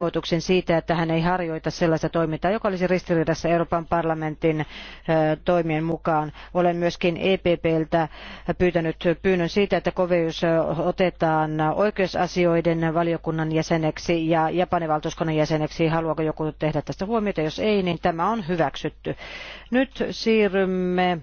ilmoituksen siitä, että hän ei harjoita sellaista toimintaa, joka olisi ristiriidassa Euroopan parlamentin toimien mukaan. Olen myöskin EPPltä pyytänyt pyynnön siitä, että Koveus otetaan oikeusasioiden valiokunnan jäseneksi ja Japanin valtuuskunnan jäseneksi. Haluaako joku tehdä tästä huomiota? Jos ei, niin tämä on hyväksytty. Nyt siirrymme